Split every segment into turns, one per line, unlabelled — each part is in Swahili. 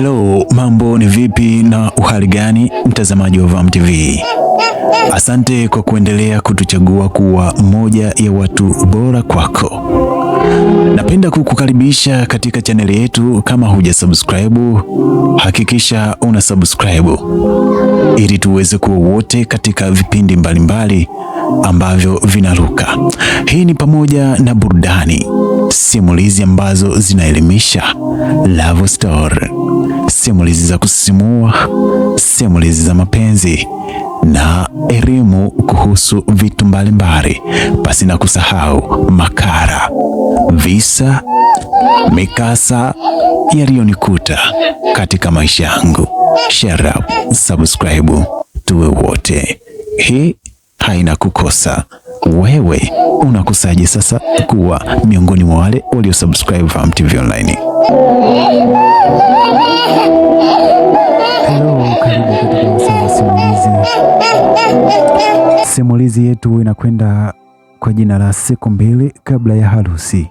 Hello Mambo ni vipi na uhali gani, mtazamaji wa Vam TV? Asante kwa kuendelea kutuchagua kuwa moja ya watu bora kwako. Napenda kukukaribisha katika chaneli yetu. Kama huja subscribe, hakikisha una subscribe ili tuweze kuwa wote katika vipindi mbalimbali mbali ambavyo vinaruka. Hii ni pamoja na burudani, simulizi ambazo zinaelimisha, love story, simulizi simulizi za kusisimua, simulizi za mapenzi na elimu kuhusu vitu mbalimbali, pasi na kusahau makara, visa, mikasa yaliyonikuta katika maisha yangu. Share subscribe, tuwe wote. Hii haina kukosa. Wewe unakosaje sasa kuwa miongoni mwa wale waliosubscribe FAM TV Online? Simulizi yetu inakwenda kwa jina la siku mbili kabla ya harusi.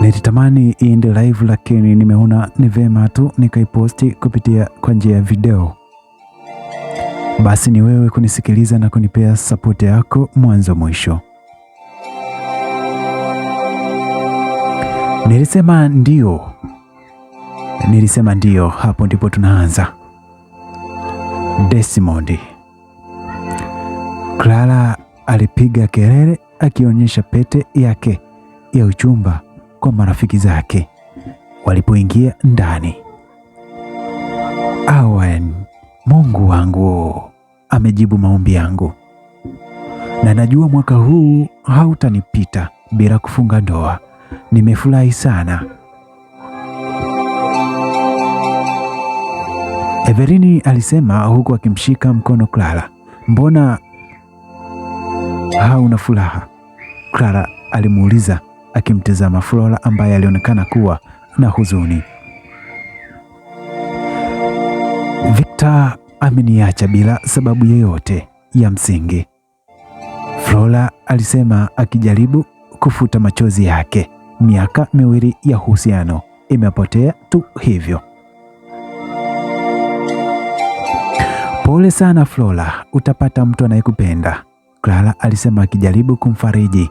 Nilitamani iende live, lakini nimeona ni vema tu nikaiposti kupitia kwa njia ya video. Basi ni wewe kunisikiliza na kunipea sapoti yako mwanzo mwisho. Nilisema ndio, nilisema ndio. Hapo ndipo tunaanza. Desmond, Clara alipiga kelele akionyesha pete yake ya uchumba kwa marafiki zake walipoingia ndani. Awen, Mungu wangu amejibu maombi yangu, na najua mwaka huu hautanipita bila kufunga ndoa nimefurahi sana. Everini alisema huku akimshika mkono Clara. Mbona hauna furaha? Clara alimuuliza akimtazama Flora ambaye alionekana kuwa na huzuni. Victor ameniacha bila sababu yoyote ya msingi, Flora alisema akijaribu kufuta machozi yake miaka miwili ya uhusiano imepotea tu hivyo. Pole sana Flora, utapata mtu anayekupenda, Clara alisema akijaribu kumfariji.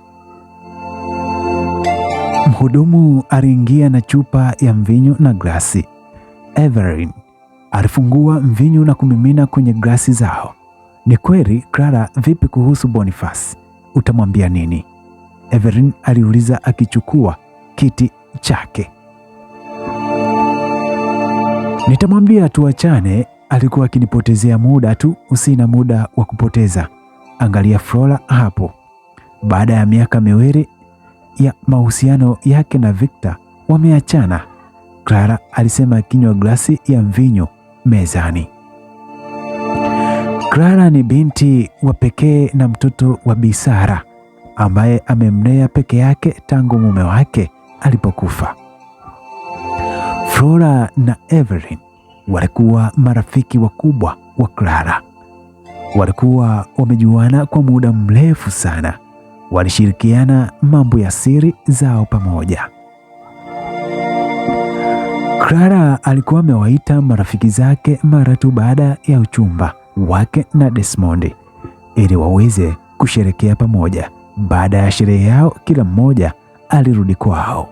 Mhudumu aliingia na chupa ya mvinyo na glasi. Evelyn alifungua mvinyo na kumimina kwenye glasi zao. Ni kweli Clara, vipi kuhusu Boniface? Utamwambia nini? Everin aliuliza akichukua kiti chake. Nitamwambia tuachane, alikuwa akinipotezea muda tu, usina muda wa kupoteza. Angalia Flora hapo. Baada ya miaka miwili ya mahusiano yake na Victor wameachana, Clara alisema akinywa glasi ya mvinyo mezani. Clara ni binti wa pekee na mtoto wa Bisara ambaye amemlea peke yake tangu mume wake alipokufa. Flora na Evelyn walikuwa marafiki wakubwa wa Clara. Walikuwa wamejuana kwa muda mrefu sana, walishirikiana mambo ya siri zao pamoja. Clara alikuwa amewaita marafiki zake mara tu baada ya uchumba wake na Desmond ili waweze kusherekea pamoja. Baada ya sherehe yao, kila mmoja alirudi kwao.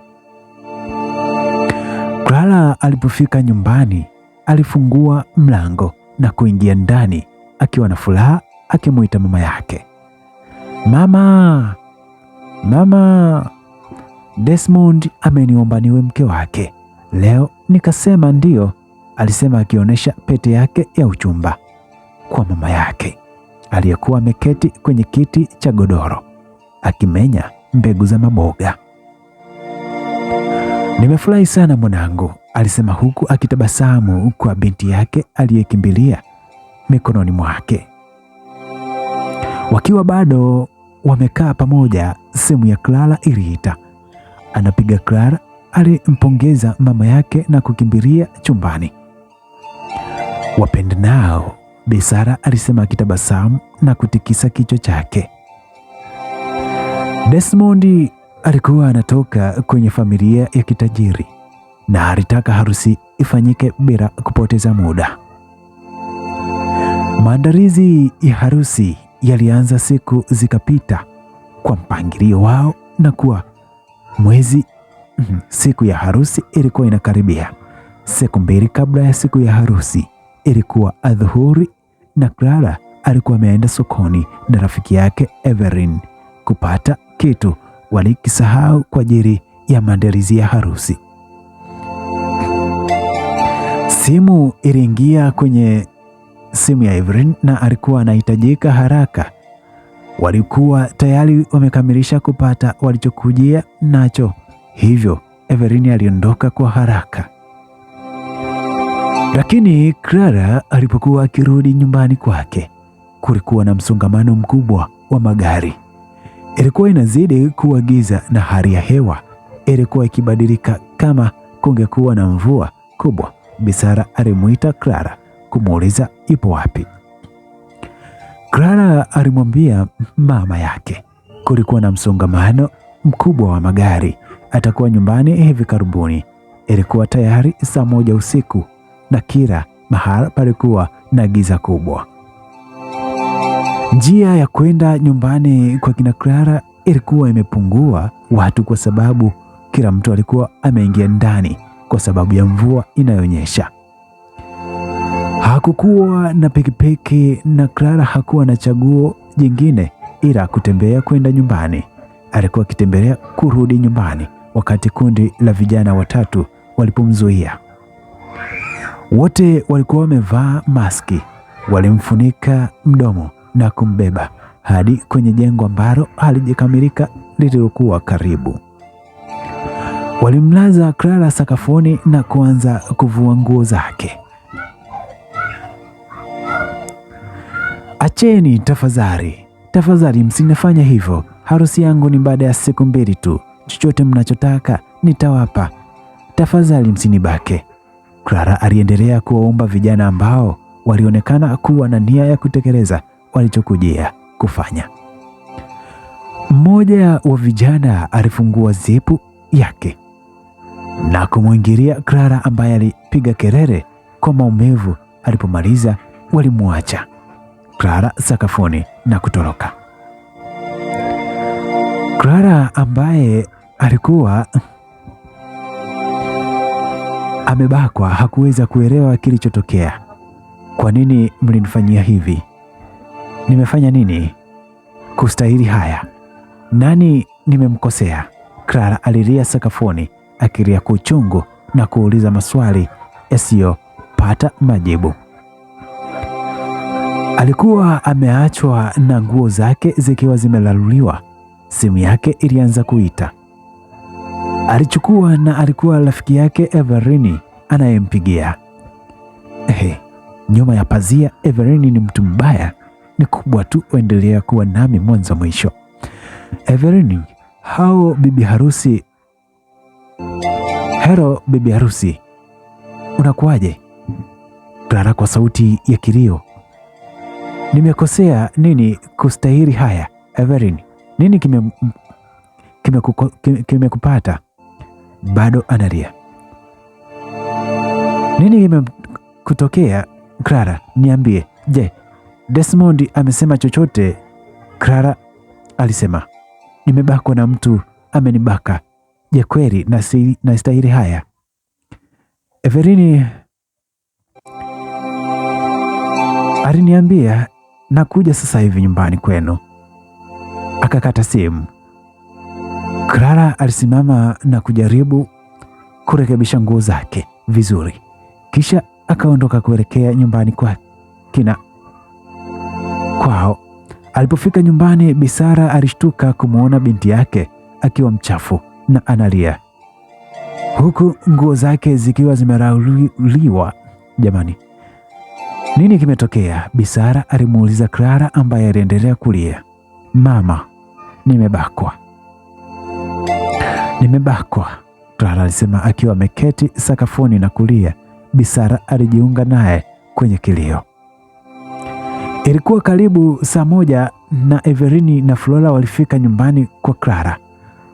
Clara alipofika nyumbani, alifungua mlango na kuingia ndani akiwa na furaha, akimwita mama yake. Mama, mama, Desmond ameniomba niwe mke wake leo. Nikasema ndiyo, alisema akionyesha pete yake ya uchumba kwa mama yake aliyekuwa ameketi kwenye kiti cha godoro akimenya mbegu za maboga. Nimefurahi sana mwanangu, alisema huku akitabasamu kwa binti yake aliyekimbilia mikononi mwake. Wakiwa bado wamekaa pamoja, simu ya Clara iliita. Anapiga Clara alimpongeza mama yake na kukimbilia chumbani. Wapendanao, Bisara alisema akitabasamu na kutikisa kichwa chake. Desmond alikuwa anatoka kwenye familia ya kitajiri na alitaka harusi ifanyike bila kupoteza muda. Maandalizi ya harusi yalianza, siku zikapita kwa mpangilio wao, na kuwa mwezi mhm, siku ya harusi ilikuwa inakaribia. Siku mbili kabla ya siku ya harusi ilikuwa adhuhuri, na Clara alikuwa ameenda sokoni na rafiki yake Everin kupata kitu walikisahau kwa ajili ya maandalizi ya harusi. Simu iliingia kwenye simu ya Evelyn na alikuwa anahitajika haraka. Walikuwa tayari wamekamilisha kupata walichokujia nacho, hivyo Evelyn aliondoka kwa haraka. Lakini Clara alipokuwa akirudi nyumbani kwake, kulikuwa na msongamano mkubwa wa magari. Ilikuwa inazidi kuwa giza na hali ya hewa ilikuwa ikibadilika kama kungekuwa na mvua kubwa. Bisara alimuita Clara kumuuliza ipo wapi. Clara alimwambia mama yake kulikuwa na msongamano mkubwa wa magari, atakuwa nyumbani hivi karibuni. Ilikuwa tayari saa moja usiku na kila mahali palikuwa na giza kubwa. Njia ya kwenda nyumbani kwa kina Clara ilikuwa imepungua watu kwa sababu kila mtu alikuwa ameingia ndani kwa sababu ya mvua inayonyesha. Hakukuwa na pikipiki na Clara hakuwa na chaguo jingine ila kutembea kwenda nyumbani. Alikuwa akitembelea kurudi nyumbani wakati kundi la vijana watatu walipomzuia. Wote walikuwa wamevaa maski, walimfunika mdomo na kumbeba hadi kwenye jengo ambalo halijakamilika lililokuwa karibu. Walimlaza Clara sakafuni na kuanza kuvua nguo zake. Acheni tafadhali, tafadhali, msinifanya hivyo. Harusi yangu ni baada ya siku mbili tu. Chochote mnachotaka nitawapa, tafadhali msinibake. Clara aliendelea kuwaomba vijana ambao walionekana kuwa na nia ya kutekeleza walichokujia kufanya. Mmoja wa vijana alifungua zipu yake na kumwingilia Clara ambaye alipiga kelele kwa maumivu. Alipomaliza walimwacha Clara sakafuni na kutoroka. Clara ambaye alikuwa amebakwa hakuweza kuelewa kilichotokea. Kwa nini mlinifanyia hivi? Nimefanya nini kustahili haya? Nani nimemkosea? Clara alilia sakafuni, akilia kwa uchungu na kuuliza maswali yasiyopata majibu. Alikuwa ameachwa na nguo zake zikiwa zimelaluliwa. Simu yake ilianza kuita, alichukua na alikuwa rafiki yake Everini anayempigia. Ehe, nyuma ya pazia Everini ni mtu mbaya ni kubwa tu. uendelea kuwa nami mwanzo mwisho. Everini, hao bibi harusi hero, bibi harusi unakuwaje? Clara kwa sauti ya kilio, nimekosea nini kustahili haya? Everini, nini kimekupata? kime kime, kime bado analia. Nini kimekutokea Clara? Niambie, je Desmond amesema chochote? Clara alisema, nimebakwa na mtu amenibaka. Je, kweli nastahili haya? Everini aliniambia nakuja sasa hivi nyumbani kwenu, akakata simu. Clara alisimama na kujaribu kurekebisha nguo zake vizuri, kisha akaondoka kuelekea nyumbani kwa kina kwao. Alipofika nyumbani, Bisara alishtuka kumwona binti yake akiwa mchafu na analia huku nguo zake zikiwa zimerauliwa. Jamani, nini kimetokea? Bisara alimuuliza Clara ambaye aliendelea kulia. Mama, nimebakwa, nimebakwa, Clara alisema akiwa ameketi sakafuni na kulia. Bisara alijiunga naye kwenye kilio. Ilikuwa karibu saa moja na Everini na Flora walifika nyumbani kwa Clara.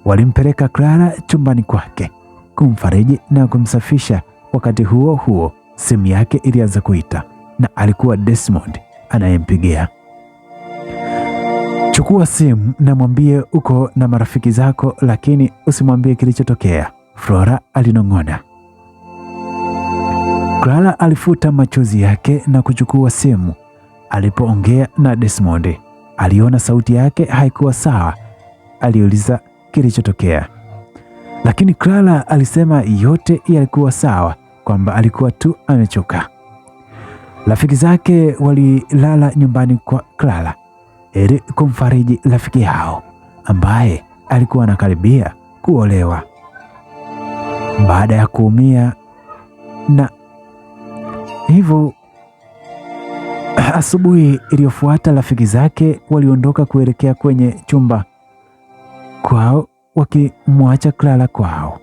Walimpeleka Clara chumbani kwake kumfariji na kumsafisha. Wakati huo huo, simu yake ilianza kuita na alikuwa Desmond anayempigia. Chukua simu na mwambie uko na marafiki zako, lakini usimwambie kilichotokea, Flora alinong'ona. Clara alifuta machozi yake na kuchukua simu Alipoongea na Desmond, aliona sauti yake haikuwa sawa. Aliuliza kilichotokea, lakini Clara alisema yote yalikuwa sawa, kwamba alikuwa tu amechoka. Rafiki zake walilala nyumbani kwa Clara ili kumfariji rafiki yao ambaye alikuwa anakaribia kuolewa baada ya kuumia na hivyo Asubuhi iliyofuata rafiki zake waliondoka kuelekea kwenye chumba kwao wakimwacha Clara kwao.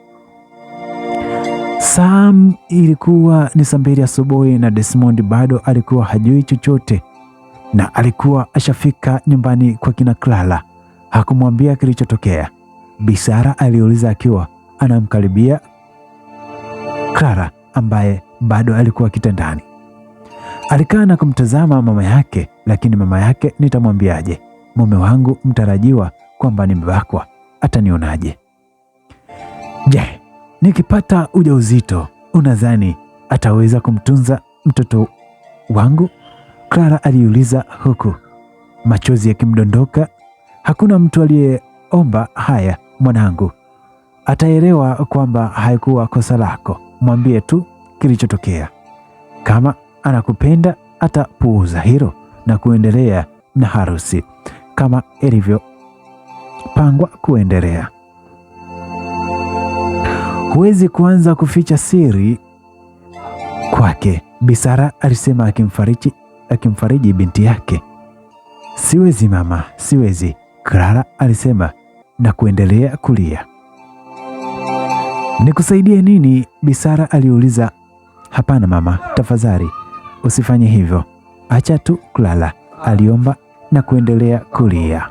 Sam ilikuwa ni saa mbili asubuhi na Desmond bado alikuwa hajui chochote na alikuwa ashafika nyumbani kwa kina Clara. Hakumwambia kilichotokea. Bisara aliuliza akiwa anamkaribia Clara ambaye bado alikuwa kitandani. Alikaa na kumtazama mama yake, lakini mama yake nitamwambiaje? Mume wangu mtarajiwa kwamba nimebakwa, atanionaje? Je, nikipata ujauzito unadhani ataweza kumtunza mtoto wangu? Clara aliuliza huku machozi yakimdondoka. Hakuna mtu aliyeomba haya. Mwanangu ataelewa kwamba haikuwa kosa lako, mwambie tu kilichotokea. Kama anakupenda atapuuza hilo na kuendelea na harusi kama ilivyopangwa kuendelea. Huwezi kuanza kuficha siri kwake, Bisara alisema akimfariji, akimfariji binti yake. Siwezi mama, siwezi, Clara alisema na kuendelea kulia. Nikusaidie nini? Bisara aliuliza. Hapana mama, tafadhali usifanye hivyo, acha tu kulala, aliomba na kuendelea kulia.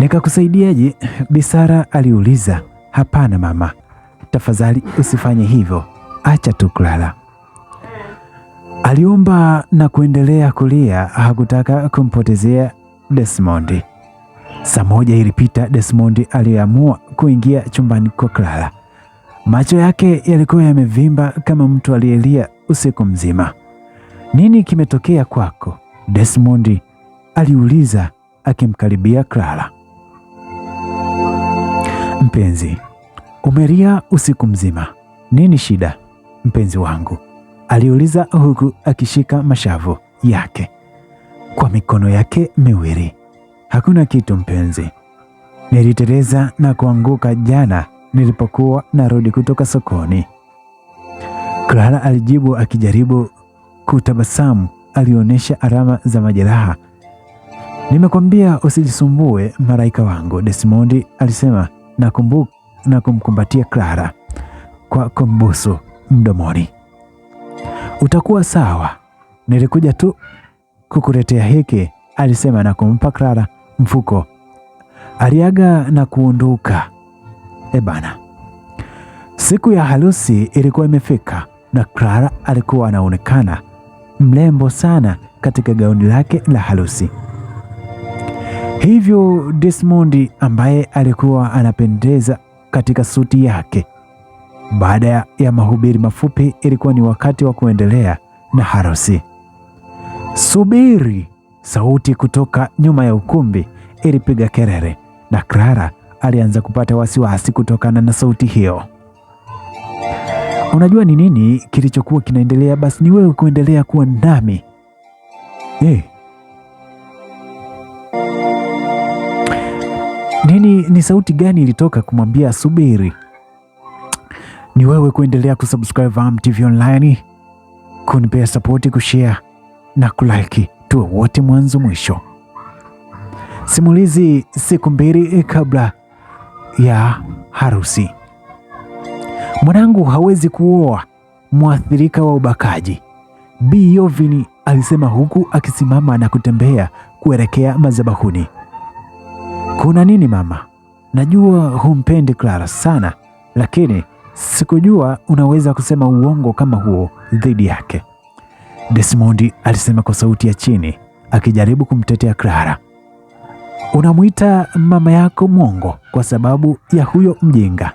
Nikakusaidiaje? Bisara aliuliza. Hapana mama, tafadhali usifanye hivyo, acha tu kulala, aliomba na kuendelea kulia. Hakutaka kumpotezea Desmondi. Saa moja ilipita, Desmondi aliamua kuingia chumbani kwa Clara. Macho yake yalikuwa yamevimba kama mtu aliyelia usiku mzima. Nini kimetokea kwako Desmond? aliuliza akimkaribia Clara. Mpenzi, umelia usiku mzima, nini shida mpenzi wangu? aliuliza huku akishika mashavu yake kwa mikono yake miwili. Hakuna kitu mpenzi, niliteleza na kuanguka jana nilipokuwa narudi kutoka sokoni. Clara alijibu akijaribu kutabasamu, alionyesha alama za majeraha. Nimekwambia usijisumbue malaika wangu, Desmond alisema na, kumbu, na kumkumbatia Clara kwa kumbusu mdomoni. Utakuwa sawa, nilikuja tu kukuletea hiki, alisema na kumpa Clara mfuko. Aliaga na kuondoka. E bana, siku ya harusi ilikuwa imefika na Clara alikuwa anaonekana mrembo sana katika gauni lake la harusi. Hivyo Desmond ambaye alikuwa anapendeza katika suti yake. Baada ya mahubiri mafupi, ilikuwa ni wakati wa kuendelea na harusi. Subiri! Sauti kutoka nyuma ya ukumbi ilipiga kelele na Clara alianza kupata wasiwasi kutokana na sauti hiyo. Unajua ni nini kilichokuwa kinaendelea? Basi ni wewe kuendelea kuwa nami eh. Nini? Ni sauti gani ilitoka kumwambia subiri? Ni wewe kuendelea kusubscribe TV Online, kunipea sapoti, kushare na kulike, tuwe wote mwanzo mwisho. Simulizi siku mbili kabla ya harusi. Mwanangu hawezi kuoa, mwathirika wa ubakaji, Bi Yovin alisema huku akisimama na kutembea kuelekea madhabahuni. Kuna nini mama? Najua humpendi Clara sana, lakini sikujua unaweza kusema uongo kama huo dhidi yake, Desmond alisema kwa sauti ya chini, akijaribu kumtetea Clara. Unamwita mama yako mwongo kwa sababu ya huyo mjinga.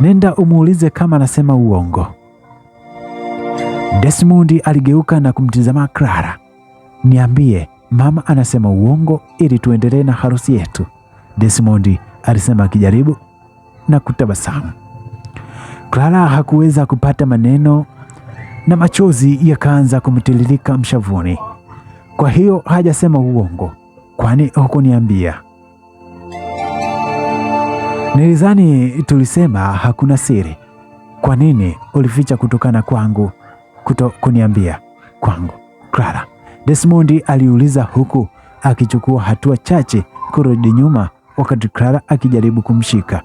Nenda umuulize kama anasema uongo. Desmond aligeuka na kumtizama Clara. Niambie, mama anasema uongo ili tuendelee na harusi yetu, Desmond alisema akijaribu na kutabasamu. Clara hakuweza kupata maneno na machozi yakaanza kumtiririka mshavuni. Kwa hiyo hajasema uongo kwani hukuniambia? nilizani tulisema hakuna siri. Kwa nini ulificha kutokana kwangu, kuto kuniambia kwangu? Clara, Desmond aliuliza huku akichukua hatua chache kurudi nyuma, wakati Clara akijaribu kumshika.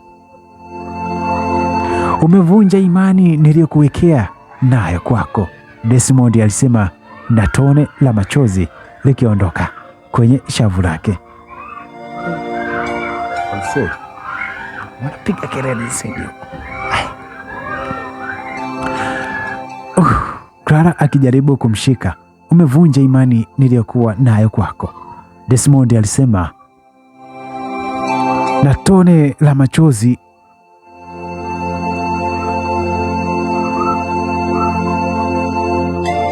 Umevunja imani niliyokuwekea nayo kwako, Desmond alisema na tone la machozi likiondoka kwenye shavu lake. Wanapiga kelele uh, Clara akijaribu kumshika, umevunja imani niliyokuwa nayo kwako, Desmond alisema na tone la machozi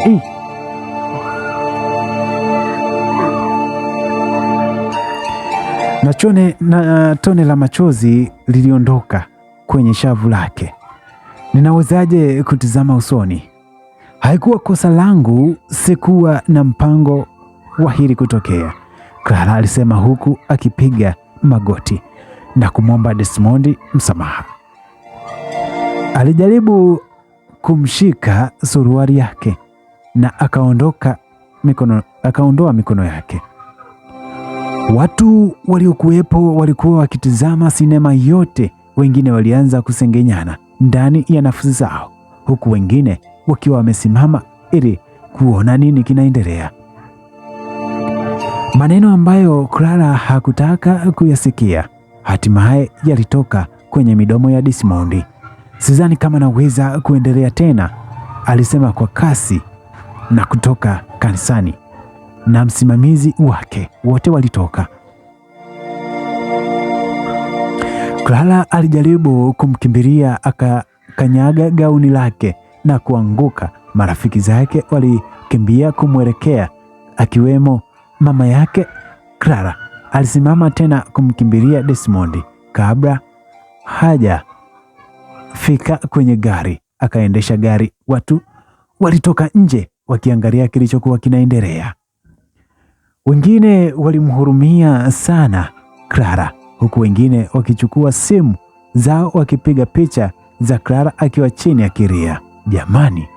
hey. tone, na, uh, tone la machozi liliondoka kwenye shavu lake. Ninawezaje kutizama usoni? Haikuwa kosa langu, sikuwa na mpango wa hili kutokea, Clara alisema huku akipiga magoti na kumwomba Desmond msamaha. Alijaribu kumshika suruali yake na akaondoka mikono, akaondoa mikono yake. Watu waliokuwepo walikuwa wakitizama sinema yote. Wengine walianza kusengenyana ndani ya nafsi zao, huku wengine wakiwa wamesimama ili kuona nini kinaendelea. Maneno ambayo Clara hakutaka kuyasikia hatimaye yalitoka kwenye midomo ya Dismondi. Sidhani kama naweza kuendelea tena, alisema kwa kasi na kutoka kanisani na msimamizi wake wote walitoka. Clara alijaribu kumkimbilia akakanyaga gauni lake na kuanguka. Marafiki zake walikimbia kumwelekea akiwemo mama yake. Clara alisimama tena kumkimbilia Desmond. Kabla hajafika kwenye gari akaendesha gari, watu walitoka nje wakiangalia kilichokuwa kinaendelea. Wengine walimhurumia sana Clara, huku wengine wakichukua simu zao wakipiga picha za Clara akiwa chini akilia. Jamani,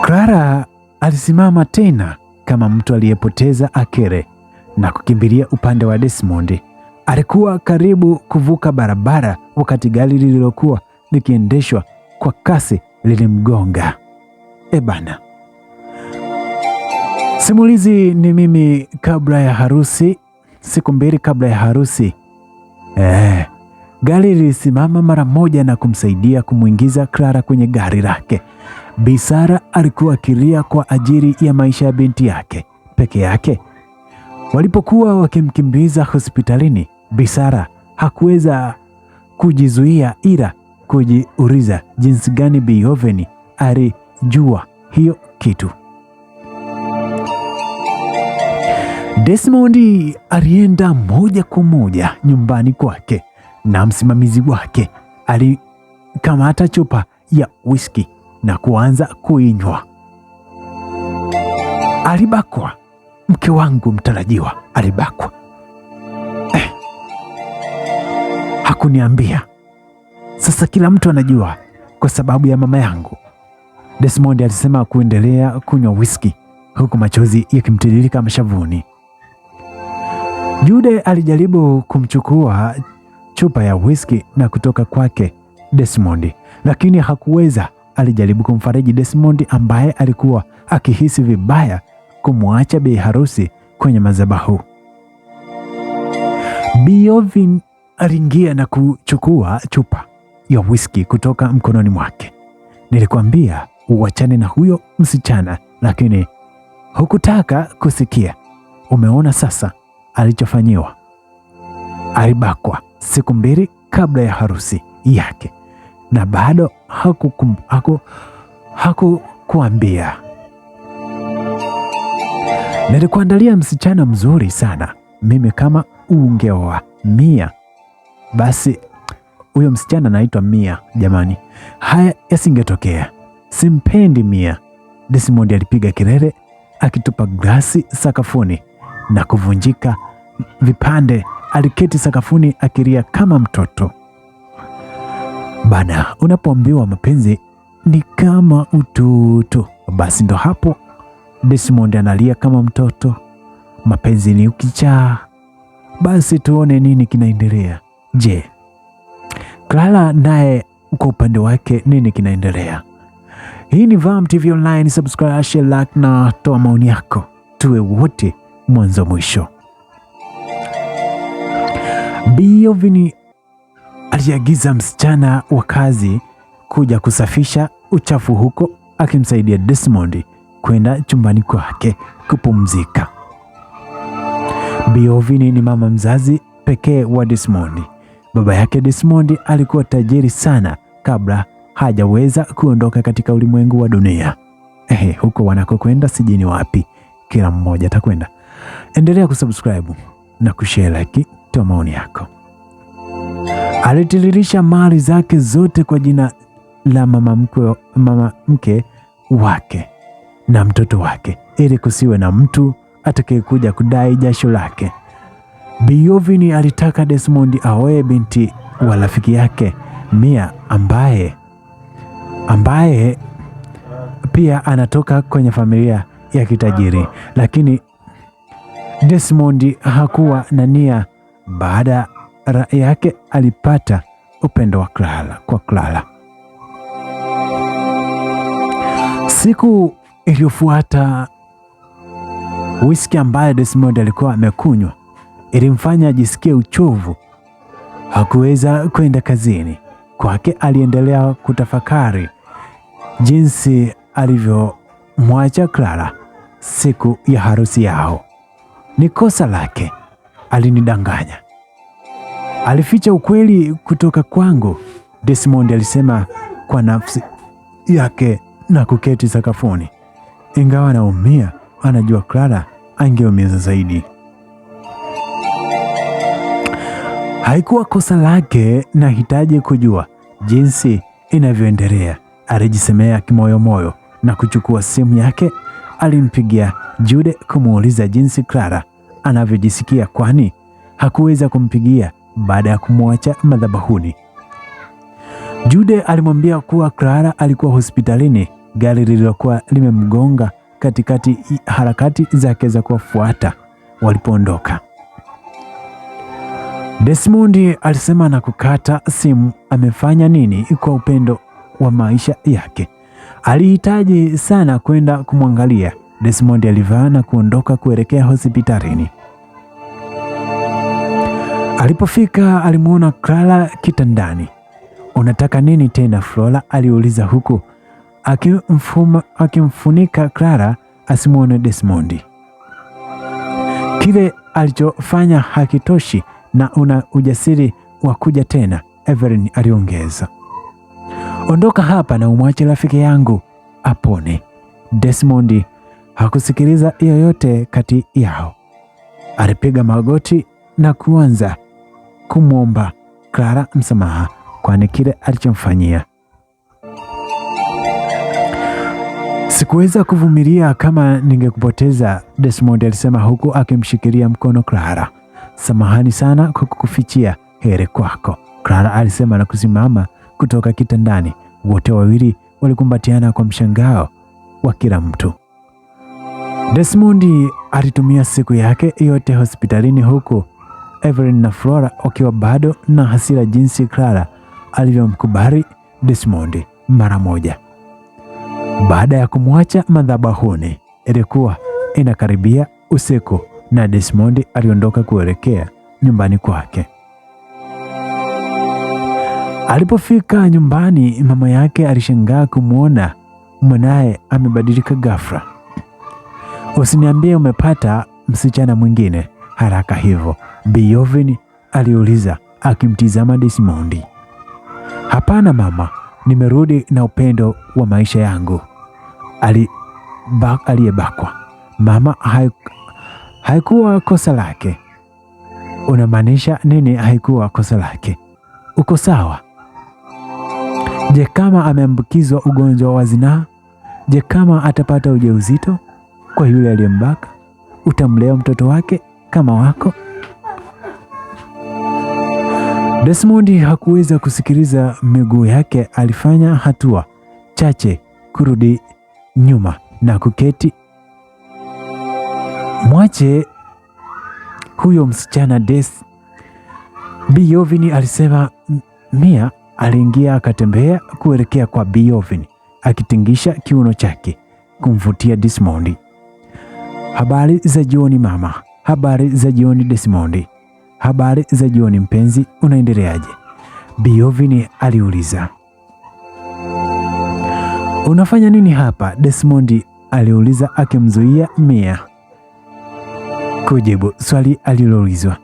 Clara alisimama tena kama mtu aliyepoteza akere na kukimbilia upande wa Desmond. Alikuwa karibu kuvuka barabara wakati gari lililokuwa likiendeshwa kwa kasi lilimgonga. E bana, simulizi ni mimi kabla ya harusi, siku mbili kabla ya harusi. eh, gari lilisimama mara moja na kumsaidia kumwingiza Clara kwenye gari lake. Bisara alikuwa akilia kwa ajili ya maisha ya binti yake peke yake. Walipokuwa wakimkimbiza hospitalini, Bisara hakuweza kujizuia ila kujiuliza jinsi gani Bioveni ari jua hiyo kitu. Desmond alienda moja kwa moja nyumbani kwake na msimamizi wake alikamata chupa ya whisky na kuanza kuinywa. Alibakwa, mke wangu mtarajiwa alibakwa. Eh, hakuniambia. Sasa kila mtu anajua kwa sababu ya mama yangu. Desmond alisema kuendelea kunywa whisky huku machozi yakimtiririka mashavuni. Jude alijaribu kumchukua chupa ya whisky na kutoka kwake Desmond, lakini hakuweza. Alijaribu kumfariji Desmond ambaye alikuwa akihisi vibaya kumwacha bi harusi kwenye madhabahu. Biovin aliingia na kuchukua chupa ya whisky kutoka mkononi mwake. Nilikwambia uachane na huyo msichana, lakini hukutaka kusikia. Umeona sasa alichofanyiwa. Alibakwa siku mbili kabla ya harusi yake na bado hakukuambia haku, haku nilikuandalia msichana mzuri sana mimi. Kama ungeoa Mia, basi huyo msichana anaitwa Mia, jamani, haya yasingetokea simpendi Mia, Desmond alipiga kelele akitupa glasi sakafuni na kuvunjika vipande. Aliketi sakafuni akilia kama mtoto bana. Unapoambiwa mapenzi ni kama utoto, basi ndo hapo Desmond analia kama mtoto. Mapenzi ni ukichaa. Basi tuone nini kinaendelea. Je, Clara naye kwa upande wake nini kinaendelea? Hii ni Vam TV Online, subscribe, share, like na toa maoni yako, tuwe wote mwanzo mwisho. Bi Yovini aliagiza msichana wa kazi kuja kusafisha uchafu huko, akimsaidia Desmond kwenda chumbani kwake kupumzika. Bi ni mama mzazi pekee wa Desmond. Baba yake Desmond alikuwa tajiri sana kabla hajaweza kuondoka katika ulimwengu wa dunia. Ehe, huko wanakokwenda sijini wapi, kila mmoja atakwenda. Endelea kusubscribe na kushare, like, toa maoni yako. Alitiririsha mali zake zote kwa jina la mama mkwe, mama mke wake na mtoto wake ili kusiwe na mtu atakayekuja kudai jasho lake. Biovini alitaka Desmond aoe binti wa rafiki yake Mia ambaye ambaye pia anatoka kwenye familia ya kitajiri, lakini Desmond hakuwa na nia. Baada yake alipata upendo wa Clara, kwa Clara. Siku iliyofuata whisky ambayo Desmond alikuwa amekunywa ilimfanya ajisikie uchovu, hakuweza kwenda kazini kwake. Aliendelea kutafakari jinsi alivyomwacha Clara siku ya harusi yao. Ni kosa lake, alinidanganya, alificha ukweli kutoka kwangu, Desmond alisema kwa nafsi yake na kuketi sakafuni. Ingawa anaumia, anajua Clara angeumiza zaidi. Haikuwa kosa lake, nahitaji kujua jinsi inavyoendelea alijisemea kimoyomoyo na kuchukua simu yake. Alimpigia Jude kumuuliza jinsi Clara anavyojisikia, kwani hakuweza kumpigia baada ya kumwacha madhabahuni. Jude alimwambia kuwa Clara alikuwa hospitalini, gari lililokuwa limemgonga katikati harakati zake za kuwafuata walipoondoka. Desmond alisema na kukata simu. Amefanya nini kwa upendo wa maisha yake. Alihitaji sana kwenda kumwangalia. Desmond alivaa na kuondoka kuelekea hospitalini. Alipofika alimwona Clara kitandani. Unataka nini tena Flora? aliuliza huku akimfuma, akimfunika Clara asimwone Desmondi. Kile alichofanya hakitoshi na una ujasiri wa kuja tena, Evelyn aliongeza. Ondoka hapa na umwache rafiki yangu apone. Desmond hakusikiliza yoyote kati yao. Alipiga magoti na kuanza kumwomba Clara msamaha, kwani kile alichomfanyia. Sikuweza kuvumilia kama ningekupoteza, Desmond alisema huku akimshikilia mkono Clara. Samahani sana kwa kukufichia, heri kwako, Clara alisema na kusimama kutoka kitandani. Wote wawili walikumbatiana kwa mshangao wa kila mtu. Desmond alitumia siku yake yote hospitalini huku Evelyn na Flora wakiwa bado na hasira jinsi Clara alivyomkubali Desmond mara moja baada ya kumwacha madhabahuni. Ilikuwa inakaribia usiku na Desmond aliondoka kuelekea nyumbani kwake. Alipofika nyumbani, mama yake alishangaa kumwona mwanaye amebadilika ghafla. Usiniambie umepata msichana mwingine haraka hivyo, Biovin aliuliza akimtizama Desmond. Hapana mama, nimerudi na upendo wa maisha yangu aliyebakwa. Mama, haikuwa kosa lake. Unamaanisha nini? Haikuwa kosa lake? Uko sawa? Je, kama ameambukizwa ugonjwa wa zinaa? Je, kama atapata ujauzito kwa yule aliyembaka? Utamlea mtoto wake kama wako? Desmond hakuweza kusikiliza. Miguu yake alifanya hatua chache kurudi nyuma na kuketi. Mwache huyo msichana Des, Biovini alisema Mia aliingia akatembea kuelekea kwa Beethoven akitingisha kiuno chake kumvutia Desmond. Habari za jioni mama, habari za jioni Desmond, habari za jioni mpenzi, unaendeleaje? Beethoven aliuliza. Unafanya nini hapa Desmond? aliuliza akimzuia Mia kujibu swali aliloulizwa.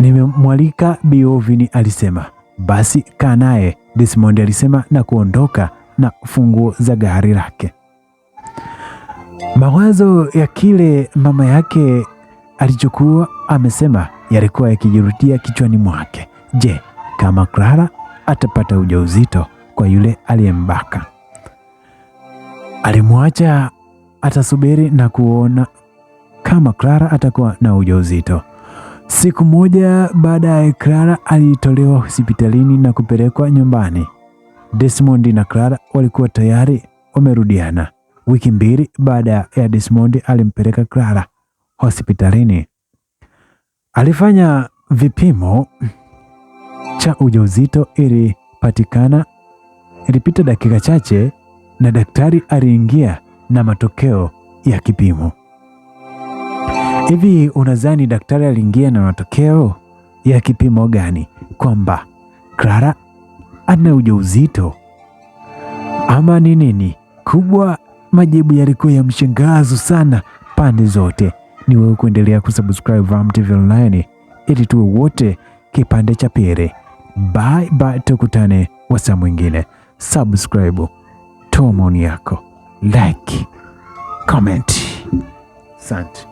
Nimemwalika Beethoven, alisema basi kaa naye, Desmond alisema na kuondoka na funguo za gari lake. Mawazo ya kile mama yake alichokuwa amesema yalikuwa yakijirudia kichwani mwake. Je, kama Clara atapata ujauzito kwa yule aliyembaka? Alimwacha atasubiri na kuona kama Clara atakuwa na ujauzito. Siku moja baada ya Clara alitolewa hospitalini na kupelekwa nyumbani. Desmond na Clara walikuwa tayari wamerudiana. Wiki mbili baada ya Desmond alimpeleka Clara hospitalini, alifanya vipimo cha ujauzito, ilipatikana. Ilipita dakika chache na daktari aliingia na matokeo ya kipimo. Hivi unadhani daktari aliingia na matokeo ya kipimo gani kwamba Clara ana ujauzito ama ni nini kubwa? Majibu yalikuwa ya mshangazo sana pande zote. Ni wewe kuendelea kusubscribe Vam TV Online ili tuwe wote kipande cha pere. Bye bye, tukutane wasaa mwingine. Subscribe, toa maoni yako, like, comment. Asante.